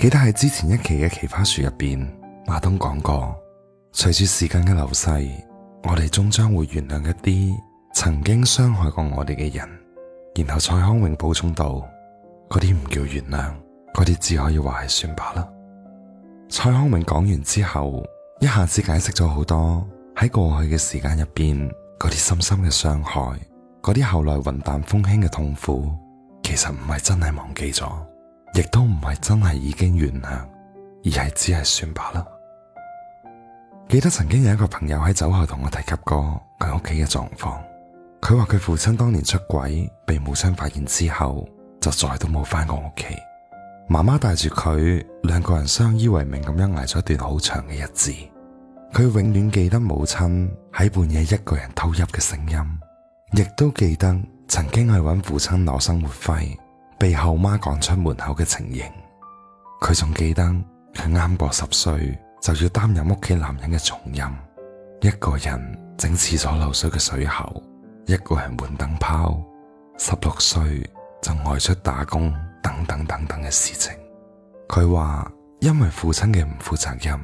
記得喺之前一期嘅奇葩說入邊，馬東講過，隨住時間嘅流逝，我哋終將會原諒一啲曾經傷害過我哋嘅人。然後蔡康永補充道：嗰啲唔叫原諒，嗰啲只可以話係算罷啦。蔡康永講完之後，一下子解釋咗好多喺過去嘅時間入邊，嗰啲深深嘅傷害，嗰啲後來雲淡風輕嘅痛苦，其實唔係真係忘記咗。亦都唔係真係已經原諒，而係只係算罷啦。記得曾經有一個朋友喺酒後同我提及過佢屋企嘅狀況，佢話佢父親當年出軌，被母親發現之後，就再都冇返過屋企。媽媽帶住佢兩個人相依為命咁樣捱咗一段好長嘅日子。佢永遠記得母親喺半夜一個人偷泣嘅聲音，亦都記得曾經去揾父親攞生活費，被後媽趕出門口嘅情形，佢仲記得，佢啱過十歲就要擔任屋企男人嘅重任，一個人整廁所漏水嘅水喉，一個人換燈泡，十六歲就外出打工，等等等等嘅事情。佢話，因為父親嘅唔負責任，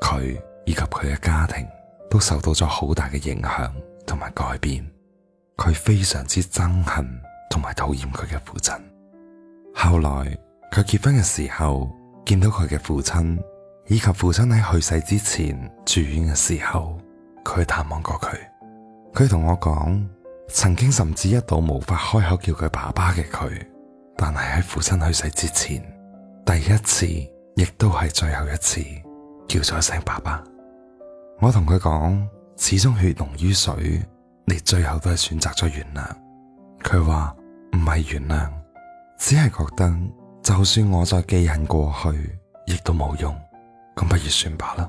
佢以及佢嘅家庭都受到咗好大嘅影響同埋改變。佢非常之憎恨同埋討厭佢嘅父親。後來佢結婚嘅時候，見到佢嘅父親，以及父親喺去世之前住院嘅時候，佢探望過佢。佢同我講，曾經甚至一度無法開口叫佢爸爸嘅佢，但係喺父親去世之前，第一次亦都係最後一次叫咗一聲爸爸。我同佢講，始終血濃於水，你最後都係選擇咗原諒。佢話唔係原諒。只係覺得，就算我再記恨過去，亦都冇用，咁不如算罷啦。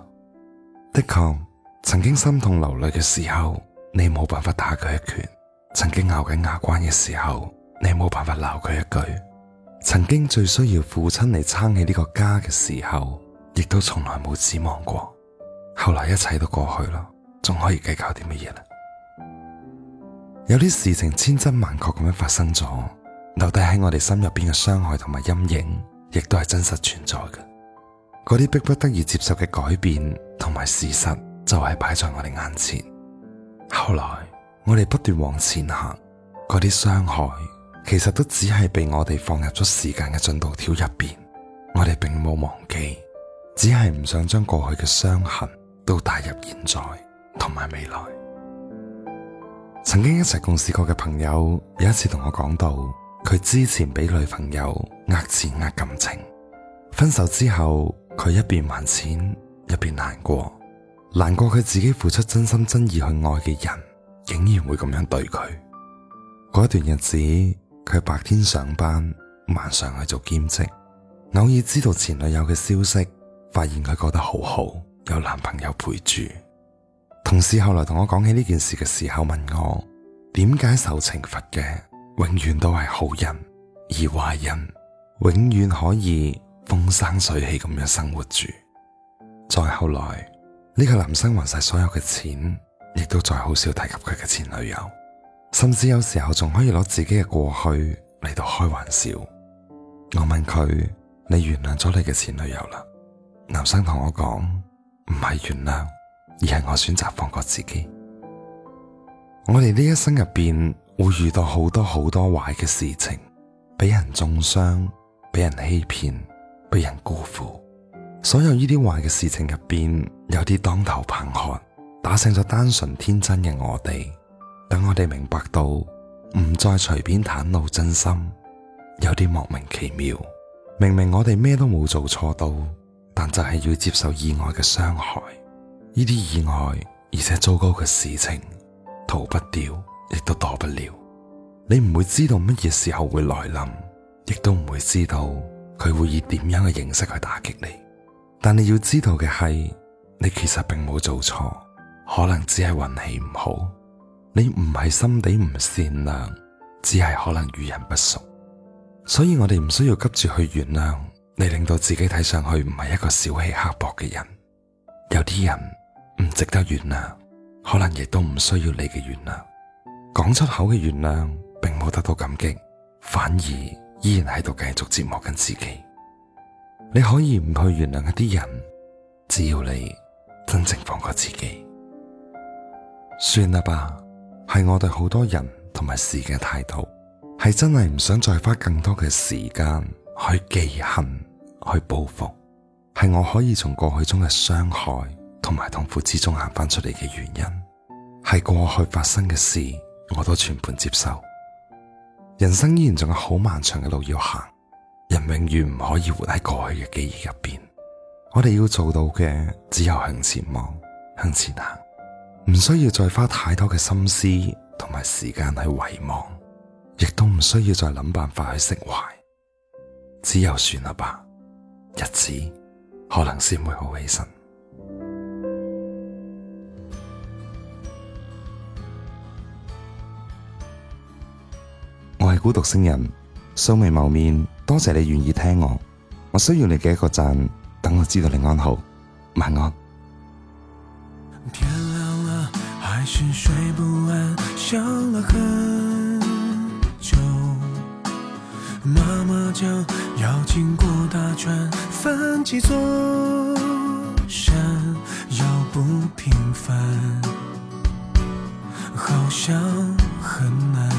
的確，曾經心痛流淚嘅時候，你冇辦法打佢一拳；曾經咬緊牙關嘅時候，你冇辦法鬧佢一句；曾經最需要父親嚟撐起呢個家嘅時候，亦都從來冇指望過。後來一切都過去啦，仲可以計較啲乜嘢呢？有啲事情千真萬確咁樣發生咗。留低喺我哋心入邊嘅傷害同埋陰影，亦都係真實存在嘅。嗰啲逼不得已接受嘅改變同埋事實，就係擺在我哋眼前。後來我哋不斷往前行，嗰啲傷害其實都只係被我哋放入咗時間嘅進度條入邊。我哋並冇忘記，只係唔想將過去嘅傷痕都帶入現在同埋未來。曾經一齊共事過嘅朋友，有一次同我講到：佢之前俾女朋友呃錢呃感情，分手之後佢一邊還錢一邊難過，難過佢自己付出真心真意去愛嘅人，竟然會咁樣對佢。嗰一段日子，佢白天上班，晚上去做兼職，偶爾知道前女友嘅消息，發現佢過得好好，有男朋友陪住。同事後來同我講起呢件事嘅時候，問我點解受懲罰嘅？永遠都係好人，而壞人永遠可以風生水起咁樣生活住。再後來，呢個男生還晒所有嘅錢，亦都再好少提及佢嘅前女友，甚至有時候仲可以攞自己嘅過去嚟到開玩笑。我問佢：你原諒咗你嘅前女友啦？男生同我講：唔係原諒，而係我選擇放過自己。我哋呢一生入邊。會遇到好多好多壞嘅事情，俾人中傷，俾人欺騙，俾人辜負。所有呢啲壞嘅事情入邊，有啲當頭棒喝，打醒咗單純天真嘅我哋。等我哋明白到，唔再隨便袒露真心，有啲莫名其妙。明明我哋咩都冇做錯到，但就係要接受意外嘅傷害。呢啲意外而且糟糕嘅事情，逃不掉。亦都躲不了，你唔會知道乜嘢時候會來臨，亦都唔會知道佢會以點樣嘅形式去打擊你。但你要知道嘅係，你其實並冇做錯，可能只係運氣唔好，你唔係心地唔善良，只係可能遇人不淑。所以我哋唔需要急住去原諒你，令到自己睇上去唔係一個小氣刻薄嘅人。有啲人唔值得原諒，可能亦都唔需要你嘅原諒。講出口嘅原諒，並冇得到感激，反而依然喺度繼續折磨緊自己。你可以唔去原諒一啲人，只要你真正放過自己，算啦吧，係我對好多人同埋事嘅態度，係真係唔想再花更多嘅時間去記恨、去報復。係我可以從過去中嘅傷害同埋痛苦之中行翻出嚟嘅原因，係過去發生嘅事。我都全盤接受，人生依然仲有好漫長嘅路要行，人永遠唔可以活喺過去嘅記憶入邊，我哋要做到嘅只有向前望，向前行，唔需要再花太多嘅心思同埋時間去遺忘，亦都唔需要再諗辦法去釋懷，只有算啦吧，日子可能先會好起身。孤獨星人，素未謀面，多謝你願意聽我。我需要你嘅一個讚，等我知道你安好，晚安。天亮了還是睡不安，想了很久，媽媽要經過大船，翻幾座山。要不平凡，好像很難